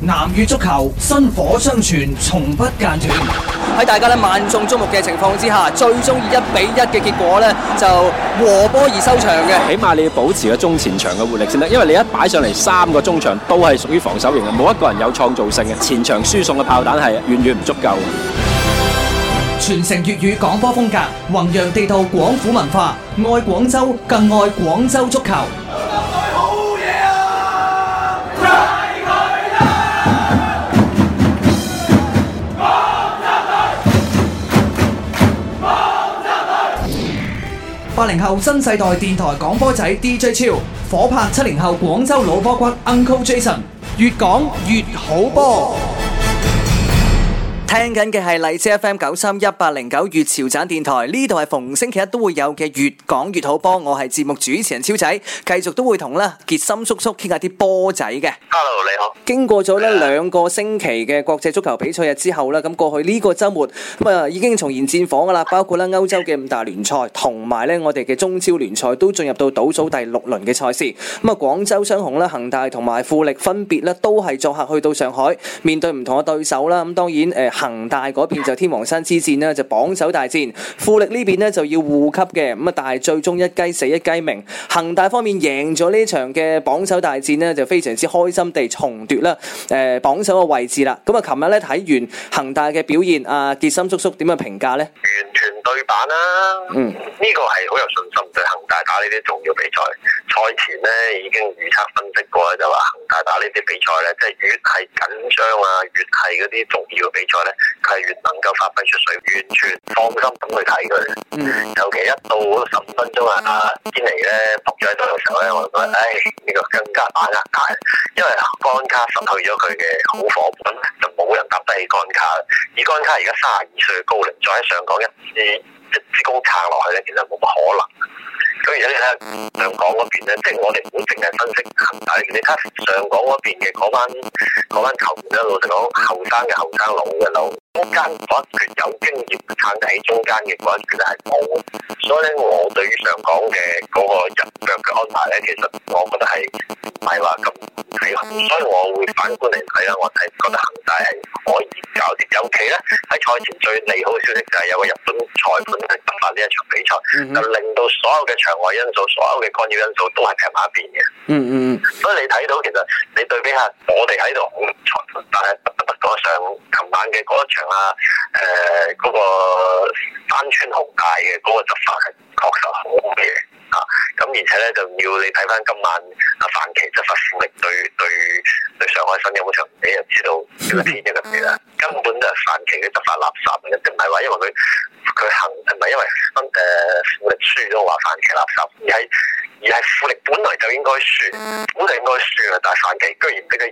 南粵足球，薪火相傳，從不間斷。喺大家咧萬眾矚目嘅情況之下，最中意一比一嘅結果呢，就和波而收場嘅。起碼你要保持個中前場嘅活力先得，因為你一擺上嚟，三個中場都係屬於防守型嘅，冇一個人有創造性嘅，前場輸送嘅炮彈係遠遠唔足夠嘅。傳承粵語廣播風格，弘揚地道廣府文化，愛廣州，更愛廣州足球。八零後新世代電台講波仔 DJ 超火拍，七零後廣州老波骨 Uncle Jason，越講越好波。聽緊嘅係荔枝 FM 九三一八零九粵潮盞電台，呢度係逢星期一都會有嘅越講越好波，我係節目主持人超仔，繼續都會同啦傑森叔叔傾下啲波仔嘅。Hello，你好。經過咗咧兩個星期嘅國際足球比賽日之後啦，咁過去呢個周末咁啊，已經重燃戰火噶啦，包括啦歐洲嘅五大聯賽同埋咧我哋嘅中超聯賽都進入到倒數第六輪嘅賽事。咁啊，廣州雙雄啦恒大同埋富力分別咧都係作客去到上海面對唔同嘅對手啦。咁當然誒。恒大嗰邊就天王山之戰呢就榜首大戰。富力呢邊呢就要護級嘅，咁啊，但係最終一雞死一雞鳴。恒大方面贏咗呢場嘅榜首大戰呢就非常之開心地重奪啦誒榜首嘅位置啦。咁啊，琴日咧睇完恒大嘅表現，阿、啊、傑森叔叔點樣評價呢？完全對版啦、啊。嗯，呢個係好有信心對恒、就是、大打呢啲重要比賽。賽前呢已經預測分析過咧，就話恒大打呢啲比賽呢，即、就、係、是、越係緊張啊，越係嗰啲重要比賽。佢係完能夠發揮出水，完全放心咁去睇佢。尤其一到十五分鐘啊，阿天嚟咧伏咗喺度嘅時候咧，我就覺得，唉、哎，呢、這個更加壓力大，因為幹卡失去咗佢嘅好夥伴，就冇人搭得起幹卡。而幹卡而家三十二歲嘅高齡，再喺上港一支一支攻卡落去咧，其實冇乜可能。咁而且你睇下上港嗰邊咧，即係我哋本身係分析恒大，但你睇下上港嗰邊嘅嗰班班球員咧，老實講後生嘅後生佬嘅佬，中間我覺得有經驗撐得起中間嘅嗰啲，其實係冇，所以咧我對於上港嘅嗰個人咧，其實我覺得係唔係話咁係，所以我會反觀嚟睇啦。我係覺得恒大係可以搞掂，尤其咧喺賽前最利好嘅消息就係有個日本裁判咧執法呢一場比賽，就令到所有嘅場外因素、所有嘅干擾因素都係撇埋一邊嘅。嗯嗯。所以你睇到其實你對比下我哋喺度裁判，但係不得過上琴晚嘅嗰一場啊，誒、呃、嗰、那個山村紅大嘅嗰個執法係。確實好嘅，啊，咁而且咧就要你睇翻今晚阿范奇執法富力對對對上海申鑫嘅嗰場，你就知道呢個天一級嘅嘢啦。根本就係范奇嘅執法垃圾嘅，唔係話因為佢佢行，唔係因為新誒、嗯呃、富力輸咗話范奇垃圾，而係而係富力本來就應該輸，本來應該輸啊，但係范奇居然俾佢。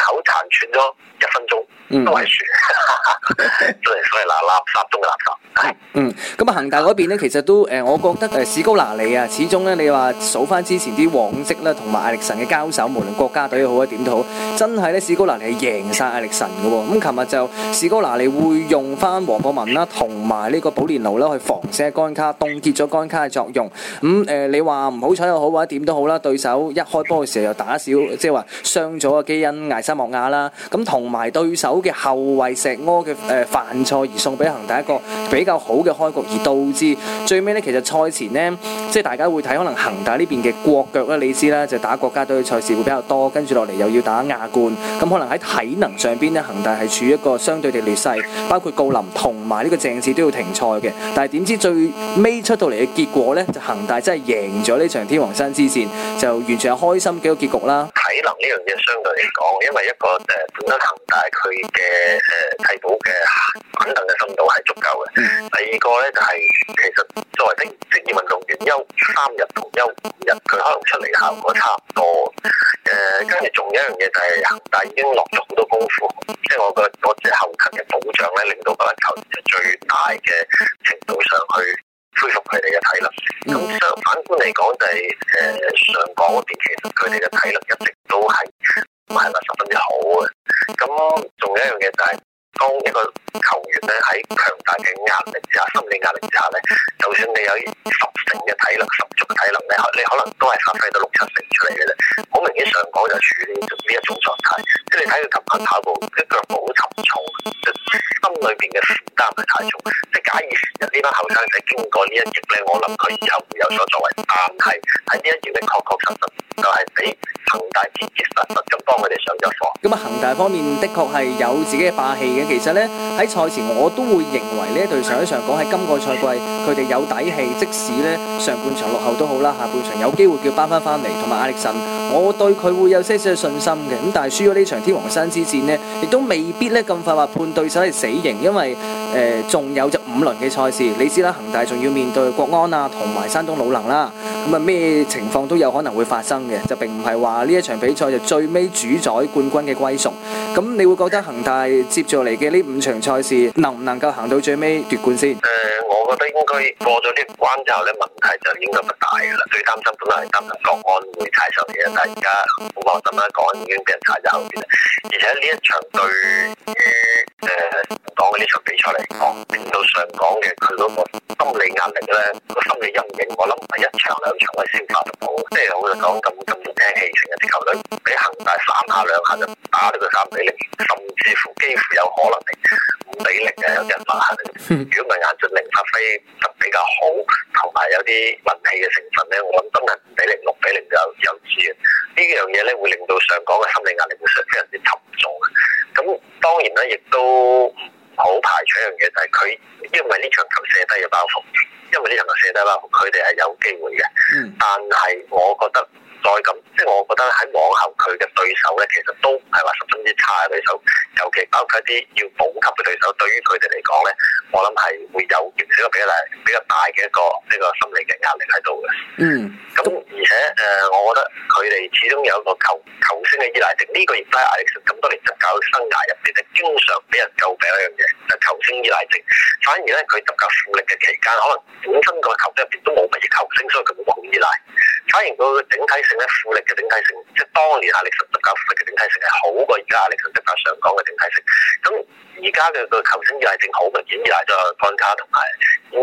口殘喘咗一分鐘，都係算，都係所謂垃圾中嘅垃圾。嗯，咁啊，恒大嗰邊咧，其實都誒，我覺得誒，史高拿利啊，始終咧，你話數翻之前啲往績啦，同埋艾力神嘅交手，無論國家隊好啊點都好，真係咧，史高拿利係贏晒艾力神嘅。咁琴日就史高拿利會用翻黃博文啦，同埋呢個保蓮奴啦去防射干卡凍結咗干卡嘅作用。咁誒，你話唔好彩又好或者點都好啦，對手一開波嘅時候又打少，即係話傷咗個基因、大沙摩亞啦，咁同埋對手嘅後衛石柯嘅，誒犯錯而送俾恒大一個比較好嘅開局，而導致最尾呢。其實賽前呢，即係大家會睇可能恒大呢邊嘅國腳咧，你知啦，就打國家隊嘅賽事會比較多，跟住落嚟又要打亞冠，咁可能喺體能上邊呢，恒大係處於一個相對嘅劣勢，包括郜林同埋呢個鄭智都要停賽嘅，但係點知最尾出到嚟嘅結果呢，就恒大真係贏咗呢場天王山之戰，就完全係開心幾個結局啦。體能呢樣嘢相對嚟講，因為一個誒本身恒大佢嘅誒替補嘅穩定嘅深度係足夠嘅。第二個咧就係其實作為職職業運動員，休三日同休五日，佢可能出嚟，效果差唔多。誒，跟住仲有一樣嘢就係恒大已經落咗好多功夫，即係我覺得嗰隻後勤嘅保障咧，令到個球員嘅最大嘅程度上去。恢復佢哋嘅體力。咁相反觀嚟講就係、是呃，上港嗰邊其實佢哋嘅體力一直都係，係咪十分之好嘅？咁仲有一樣嘢就係、是。喺強大嘅壓力之下，心理壓力之下咧，就算你有十成嘅體能、十足嘅體能咧，你可能都係發揮到六七成出嚟嘅啦。好明顯上港就處理咗呢一種狀態。即你睇佢琴晚跑步，啲腳步好沉重，心裏邊嘅負擔唔係太重。即係假如呢班後生仔經過呢一役咧，我諗佢以後會有所作為，但係喺呢一役咧確確實實就係俾恒大切切實實咁幫佢哋上咗課。咁啊，恒大方面的確係有自己嘅霸氣嘅。其實咧喺賽前。我都會認為呢，對上一場講喺今個賽季，佢哋有底氣，即使呢上半場落後都好啦，下半場有機會叫扳翻翻嚟。同埋亞力神。我對佢會有些少信心嘅。咁但係輸咗呢場天王山之戰呢，亦都未必呢咁快話判對手係死刑，因為。誒，仲有隻五輪嘅賽事，你知啦，恒大仲要面對國安啊，同埋山東魯能啦，咁啊咩情況都有可能會發生嘅，就並唔係話呢一場比賽就最尾主宰冠軍嘅歸屬。咁你會覺得恒大接住嚟嘅呢五場賽事能唔能夠行到最尾奪冠先？誒，我覺得應該過咗呢關之後咧，問題就應該不大嘅啦。最擔心本來係擔心國安會踩上嚟啊，但係而家唔關點樣講，已經俾人踩走咗。而且呢一場對於誒。呢場比賽嚟講，令到上港嘅佢嗰個心理壓力咧，個心理陰影，我諗唔係一場兩場係先發得到、就是，即係我哋講咁咁重嘅氣喘，啲球隊俾恒大三下兩下就打到佢三比零，甚至乎幾乎有可能係五比零嘅有啲人話。如果唔係顏駿凌發揮得比較好，同埋有啲運氣嘅成分咧，我諗真係五比零六比零就有有嘅。樣呢樣嘢咧會令到上港嘅心理壓力會非常之沉重。咁當然啦，亦都。好排除一樣嘢就係佢，因為呢場球射低嘅包袱，因為呢場球射低包袱，佢哋係有機會嘅，但係我覺得。再咁，即係我覺得喺往後佢嘅對手咧，其實都唔係話十分之差嘅對手，尤其包括一啲要保級嘅對手，對於佢哋嚟講咧，我諗係會有比較比較大嘅一個呢個心理嘅壓力喺度嘅。嗯。咁而且誒、嗯呃，我覺得佢哋始終有一個球球星嘅依賴症，呢、這個亦都係壓力。咁、 啊、多年執教生涯入邊咧，經常俾人詬病一樣嘢，就球、是、星依賴症。反而咧，佢執教富力嘅期間，可能本身個球隊入邊都冇乜嘢球星，所以佢冇咁依賴。睇完佢嘅整體性咧，富力嘅整體性。即係當年艾歷臣執教嘅整體性係好過而家艾歷臣執教上港嘅整體性，咁而家嘅個球星依賴性好明顯，依賴就乾卡同埋，咁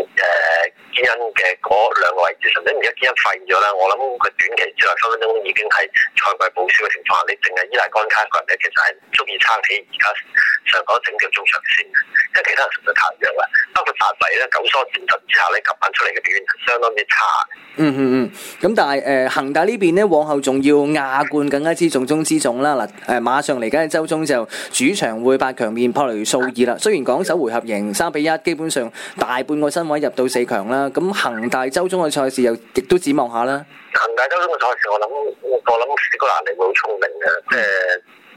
誒基恩嘅嗰兩個位置，甚至而家基恩廢咗啦，我諗佢短期之外分分鐘已經喺賽季報銷嘅情況下，你淨係依賴乾卡一個人咧，其實係唔足以撐起而家上港整隊中場線，即係其他人實在太弱啦，包括大仔咧、九蘇、戰之查咧，及品出嚟嘅表現相當之差。嗯嗯嗯，咁但係誒、呃、恒大呢邊咧，往後仲要壓。亞冠更加之重中之重啦！嗱，誒馬上嚟緊嘅周中就主場會八強面破雷數二啦。雖然港首回合贏三比一，基本上大半個身位入到四強啦。咁恒大周中嘅賽事又亦都指望下啦。恒大周中嘅賽事，事，我諗我諗史高拉利會好聰明嘅，即係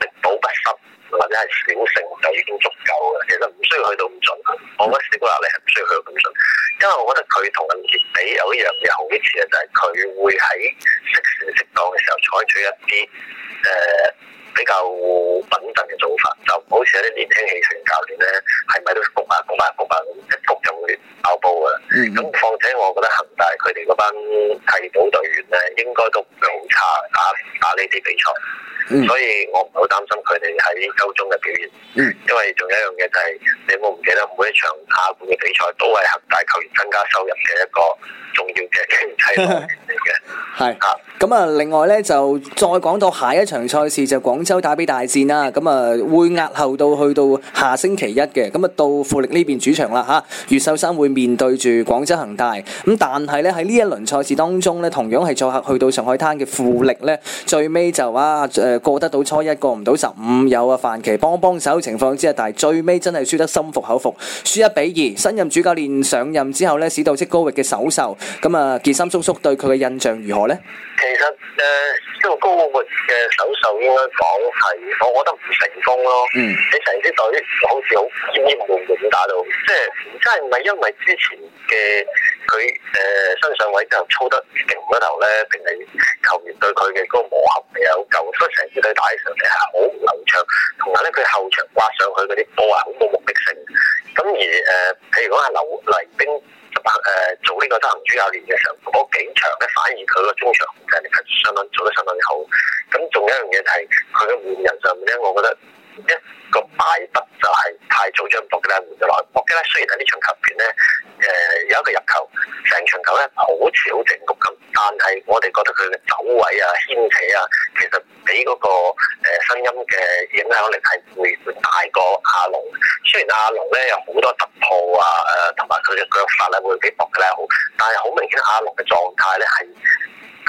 食飽白心。力保或者係小勝就是、已經足夠嘅，其實唔需要去到咁盡。我覺得史古納利係唔需要去到咁盡，因為我覺得佢同林傑比有一樣嘢好啲處咧，就係、是、佢會喺適時適當嘅時候採取一啲誒、呃、比較穩陣嘅做法，就唔好似一啲年輕氣盛教練咧，係咪都焗埋焗埋？咁，嗯、況且我覺得恒大佢哋嗰班替補隊員咧，應該都唔會好差，打打呢啲比賽，嗯、所以我唔好擔心佢哋喺周中嘅表現。嗯、因為仲有一樣嘢就係、是，你有冇唔記得每一場亞冠嘅比賽都係恒大球員增加收入嘅一個重要嘅經濟來源嚟嘅，係啊。咁啊，另外咧就再講到下一場賽事就廣州打比大戰啦，咁啊會押後到去到下星期一嘅，咁啊到富力呢邊主場啦吓，越秀山會面對住廣州恒大，咁但係咧喺呢一輪賽事當中咧，同樣係作客去到上海灘嘅富力咧，最尾就啊誒過得到初一，過唔到十五，有啊范奇幫幫手情況之下，但係最尾真係輸得心服口服，輸一比二，新任主教練上任之後咧，史道職高域嘅首秀，咁啊傑森叔叔對佢嘅印象如何呢？其實誒，呢、呃這個高月嘅手術應該講係，我覺得唔成功咯。嗯，你成支隊好似好奄奄無氣咁打到，即係即係唔知係唔係因為之前嘅佢誒新上位之後操得勁唔得頭咧，定係球員對佢嘅嗰個磨合未有夠？所以成支隊打起上嚟係好唔流暢，同埋咧佢後場掛上去嗰啲波係好冇目的性。咁而誒，呃、譬如果阿劉麗冰。但、呃、做呢個德行主教練嘅時候，嗰幾場咧反而佢個中場真係相當做得相當好。咁仲有一樣嘢係佢嘅換人上面咧，我覺得一個敗筆就係太早將博佳換咗落。博佳雖然喺呢場球盤咧誒有一個入球，成場球咧好似好靜局咁，但係我哋覺得佢嘅走位啊、牽扯啊。俾嗰個誒聲音嘅影響力係會大過阿龍，雖然阿龍咧有好多突破啊，誒同埋佢嘅腳法咧會幾搏嘅啦，好，但係好明顯阿龍嘅狀態咧係，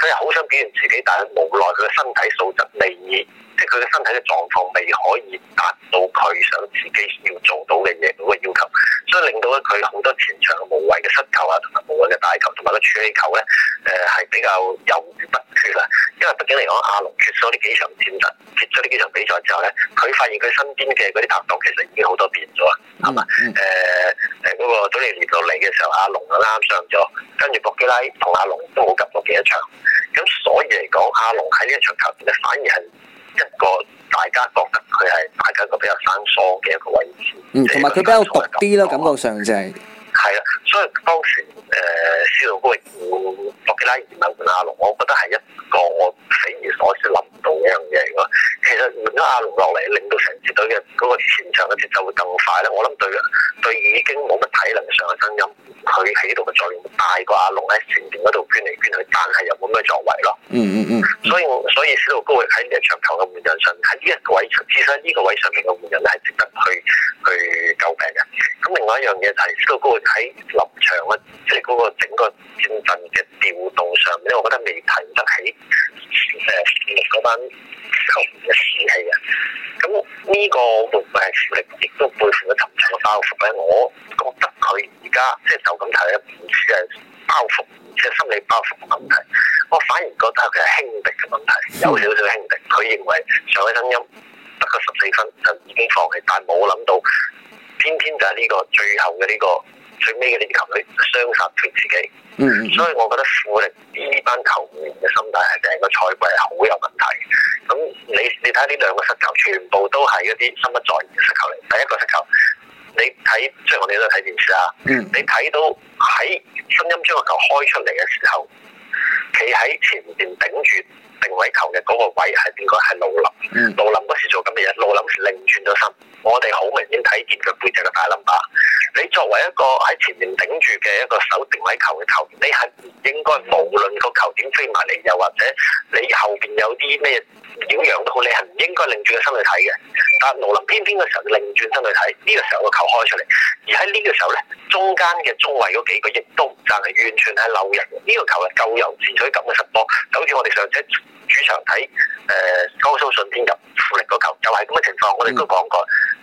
佢係好想表現自己，但係無奈佢嘅身體素質未熱。即係佢嘅身體嘅狀況未可以達到佢想自己要做到嘅嘢嗰個要求，所以令到咧佢好多前場無謂嘅失球啊，同埋無謂嘅大球，同埋個處理球咧，誒、呃、係比較猶豫不決啊！因為畢竟嚟講，阿龍缺咗呢幾場戰術，缺咗呢幾場比賽之後咧，佢發現佢身邊嘅嗰啲拍檔其實已經好多變咗啊！啱啊，誒誒嗰個佐利到嚟嘅時候，阿龍啱啱上咗，跟住博基拉同阿龍都冇及到幾多場，咁所以嚟講，阿龍喺呢一場球其實反而係～一個大家覺得佢係擺緊個比較生疏嘅一個位置，嗯，同埋佢比較獨啲咯，感覺上就係係啦。嗯所以當時，誒斯諾高亦換洛拉移民阿龍，我覺得係一個我匪夷所思諗唔到一樣嘢。其實換咗阿龍落嚟，令到成支隊嘅嗰個前場嘅節奏會更快咧。我諗對，對已經冇乜體能上嘅聲音，佢喺度嘅作用大過阿龍喺前邊嗰度圈嚟圈去，但係又冇咩作為咯。嗯。嗯嗯嗯。所以我，所以斯諾高喺呢一場球嘅換人上，喺呢一個位上，至少呢個位上面嘅換人係值得去去。另一樣嘢，提升到嗰個喺臨場即係嗰個整個戰陣嘅調動上面，因為我覺得未提得起誒嗰班球員嘅士氣啊。咁呢個會唔會係富力亦都背負咗沉重嘅包袱咧？我覺得佢而家即係就咁睇，唔止係包袱，即係心理包袱嘅問題。我反而覺得佢係輕敵嘅問題，有少少輕敵。佢認為上海申鑫得個十四分就已經放棄，但係冇諗到。偏偏就係呢、這個最後嘅呢、這個最尾嘅呢啲球，佢傷殺斷自己。嗯、mm，hmm. 所以我覺得富力呢班球員嘅心態係成個賽季係好有問題。咁你你睇下呢兩個失球，全部都係一啲心不在焉嘅失球嚟。第一個失球，你睇即係我哋都睇電視啊，mm hmm. 你睇到喺申鑫將個球開出嚟嘅時候，企喺前邊頂住定位球嘅嗰個位係邊個？係盧琳。盧、mm hmm. 琳嗰時做緊嘅嘢，盧琳時擰轉咗身。我哋好明顯睇見佢背脊嘅大冧巴。你作為一個喺前面頂住嘅一個守定位球嘅球員，你係唔應該無論個球點飛埋嚟，又或者你後邊有啲咩點樣都好，你係唔應該擰轉個身去睇嘅。但羅林偏偏嘅時候擰轉身去睇，呢個時候個球開出嚟，而喺呢個時候咧，中間嘅中衞嗰幾個亦都唔爭，係完全係漏人。呢個球係咎由自取，噉嘅失波，就好似我哋上次主場睇，誒江蘇舜天入富力個球，就係咁嘅情況。我哋都講過。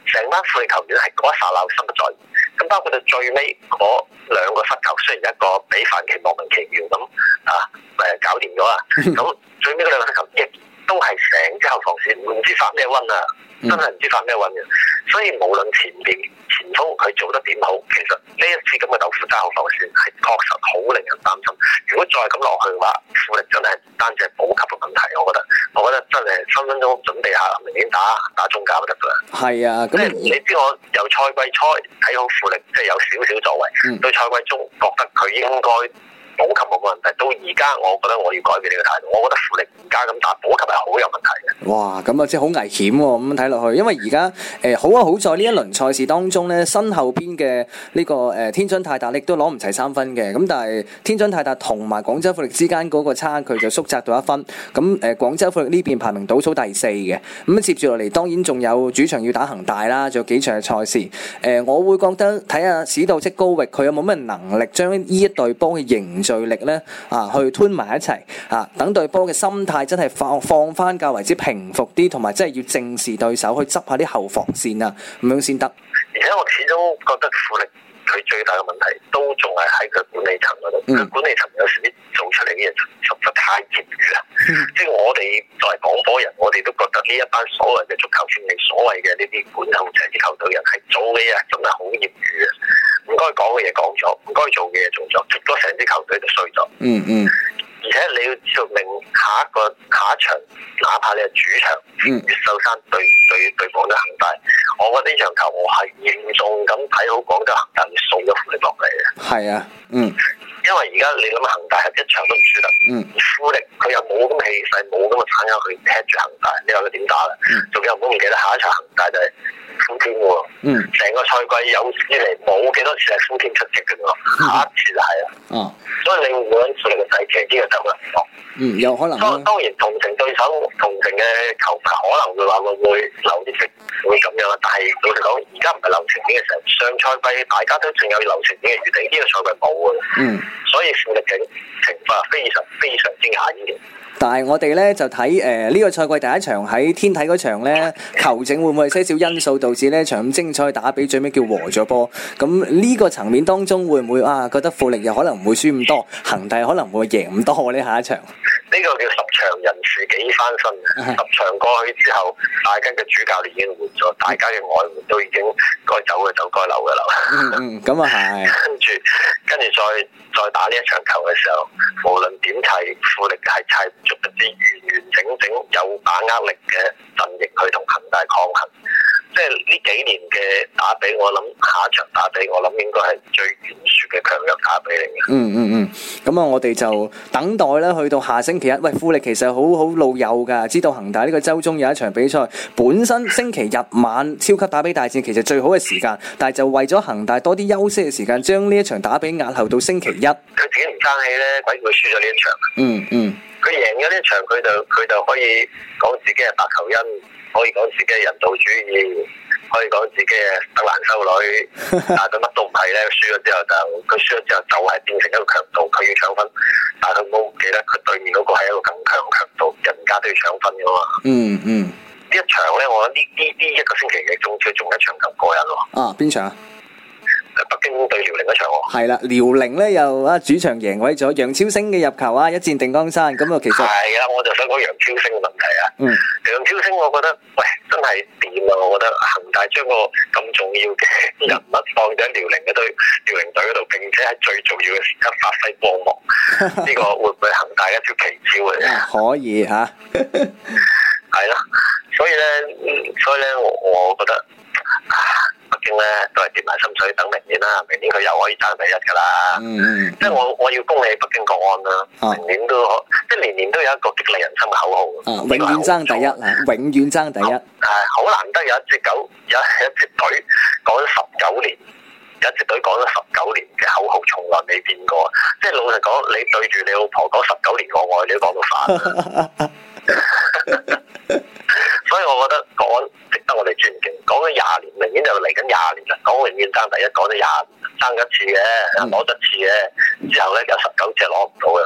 成班富力球員係嗰一霎鬧心嘅狀態，咁包括到最尾嗰兩個失球，雖然一個俾范奇莫名其妙咁啊誒搞掂咗喇，咁、啊、 最尾嗰兩個失球亦都係成之後防線唔知發咩瘟啊，真係唔知發咩瘟嘅， 所以無論前面前鋒佢做得點好，其實呢一次咁嘅豆腐渣後防線係確實好令人擔心。如果再咁落去嘅話，富力真係單隻保級。分分鐘準備下，明年打打中甲就得㗎。係啊，即係你知我由賽季初睇好富力，即係有少少作為。對賽季中覺得佢應該保級冇問題。 到而家，我覺得我要改變呢個態度。我覺得富力而家咁打保級我覺得係好有問題嘅。哇，咁啊，即係好危險喎！咁樣睇落去，因為而家誒好啊，好在呢一輪賽事當中呢，身後邊嘅呢、這個誒、呃、天津泰達，你亦都攞唔齊三分嘅。咁但係天津泰達同埋廣州富力之間嗰個差距就縮窄到一分。咁、嗯、誒、呃、廣州富力呢邊排名倒數第四嘅。咁、嗯、接住落嚟，當然仲有主場要打恒大啦，仲有幾場嘅賽事。誒、呃，我會覺得睇下史道斯高域佢有冇咩能力將呢一隊波嘅凝聚力呢？啊，去吞埋一齊啊！等對波嘅心態真係放放翻較為之平復啲，同埋真係要正視對手，去執下啲後防線啊，咁樣先得。而且我始終覺得富力佢最大嘅問題都仲係喺佢管理層嗰度，嗯、管理層有時做出嚟嘅嘢做得太業餘啦。即係、嗯、我哋作為廣播人，我哋都覺得呢一班所謂嘅足球圈裏，所謂嘅呢啲管後球隊人係做嘅嘢，真係好業餘啊！唔該講嘅嘢講咗，唔該做嘅嘢做咗，跌咗成支球隊就衰咗。嗯嗯。而且你要證明下一個下一場，哪怕你係主場，嗯，越秀山對對對廣州恆大，我覺得呢場球我係嚴重咁睇好廣州恆大要送咗富力落嚟嘅。係啊。嗯。因為而家你諗恆大係一場都唔輸得。嗯。富力佢又冇咁嘅氣勢，冇咁嘅產家去踢住恆大，你話佢點打啦？仲有唔好唔記得下一場恆大就係、是。出圈喎，成、嗯嗯、個賽季有史以嚟冇幾多次係出天出息嘅喎，下一次就係啦，啊啊、所以你換出嚟嘅代價呢個真係唔同。嗯，有可能當當然同情對手，同情嘅球隊可能會話會留啲情，會咁樣。但係老實講，而家唔係留情面嘅時候，上賽季大家都仲有留情面嘅餘地，呢、這個賽季冇嘅。嗯。所以富力嘅情況非常非常之狠嘅。但係我哋咧就睇誒呢個賽季第一場喺天體嗰場咧，球證會唔會係些少因素導致呢場精彩打比最尾叫和咗波？咁呢個層面當中會唔會啊覺得富力又可能唔會輸咁多，恒大可能會贏咁多呢下一場？呢個叫十場人士幾翻身 十場過去之後，大家嘅主教練已經換咗，大家嘅外援都已經該走嘅走，該留嘅留。嗯，咁啊係。跟、嗯、住，跟住 再再打呢一場球嘅時候，無論點睇，富力係砌唔足之，完完整整有把握力嘅陣型去同恒大抗衡。即係呢幾年嘅打比，我諗下一場打比，我諗應該係最懸殊嘅強弱打比嚟嘅，嗯。嗯嗯嗯，咁啊，我哋就等待咧，去到下星期一。喂，富力其實好好老友噶，知道恒大呢個周中有一場比賽，本身星期日晚超級打比大戰，其實最好嘅時間，但係就為咗恒大多啲休息嘅時間，將呢一場打比押後到星期一。佢自己唔爭氣咧，鬼會輸咗呢一場？嗯嗯。佢贏咗呢場，佢就佢就可以講自己係白求恩。可以講自己人道主義，可以講自己啊德蘭修女，但係佢乜都唔係咧，輸咗之後就佢輸咗之後就係變成一個強盜，佢要搶分，但係佢冇記得佢對面嗰個係一個更強強盜，人家都要搶分㗎嘛。嗯嗯，呢一場咧，我諗呢呢呢一個星期嘅中超仲有一場咁過癮喎。啊，邊場？北京對遼寧一場，係啦。遼寧咧又啊主場贏鬼咗，楊超聲嘅入球啊，一戰定江山咁啊，那個、其實係啊，我就想講楊超聲嘅問題啊，楊、嗯、超聲我覺得喂真係掂啊，我覺得恒大將個咁重要嘅人物放咗喺遼寧嘅隊，遼寧隊嗰度，並且喺最重要嘅時刻發揮光芒，呢、這個會唔會恒大一條奇招嚟可以吓，係啦、嗯， 所以咧，所以咧，我我覺得。啊北京咧都係跌埋心水等明年啦，明年佢又可以爭第一噶啦。嗯，即係我我要恭喜北京國安啦，啊、明年都可，即係年年都有一個激勵人心嘅口號。啊、永遠爭第一，啊、永遠爭第一。係好、啊、難得有一隻狗，有一隻隊講咗十九年，有一隻隊講咗十九年嘅口號，從來未變過。即係老實講，你對住你老婆講十九年個愛，你都講到煩。 所以我覺得國安值得我哋尊敬，講咗廿年，明，明就年就嚟緊廿年啦。講永遠爭第一，講咗廿年爭一次嘅，攞得次嘅，之後咧就十九次攞唔到嘅。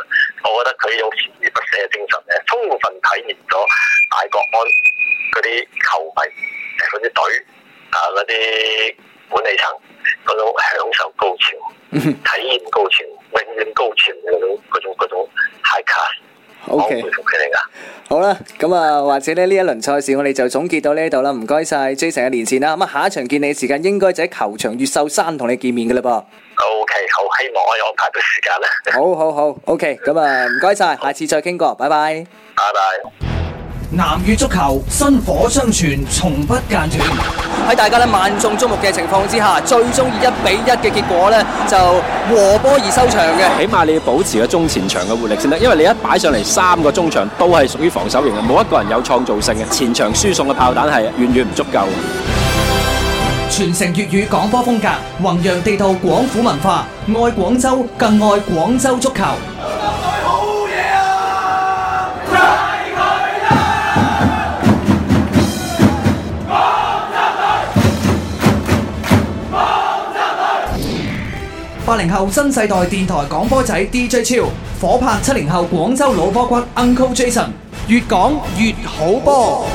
我覺得佢有鍥而不舍嘅精神嘅，充分體現咗大國安嗰啲球迷、嗰啲隊啊、嗰啲管理層嗰種享受高潮、Okay. 體驗高潮、永遠高潮嗰種、嗰種、嗰種 high class，好啦，咁啊，或者呢，呢一輪賽事，我哋就總結到呢度啦。唔該晒，Jason 嘅連線啦。咁啊，下一場見你嘅時間應該就喺球場越秀山同你見面噶啦噃。O、okay, K，好，希望可以安排到時間咧。 好好 okay, 好，O K，咁啊，唔該晒，下次再傾過，拜拜。拜拜。南越足球，薪火相傳，從不間斷。喺大家咧萬眾矚目嘅情況之下，最中意一比一嘅結果呢，就和波而收場嘅。起碼你要保持個中前場嘅活力先得，因為你一擺上嚟三個中場都係屬於防守型嘅，冇一個人有創造性嘅，前場輸送嘅炮彈係遠遠唔足夠。傳承粵語廣播風格，弘揚地道廣府文化，愛廣州，更愛廣州足球。八零後新世代電台講波仔 DJ 超火拍，七零後廣州老波骨 Uncle Jason，越講越好波。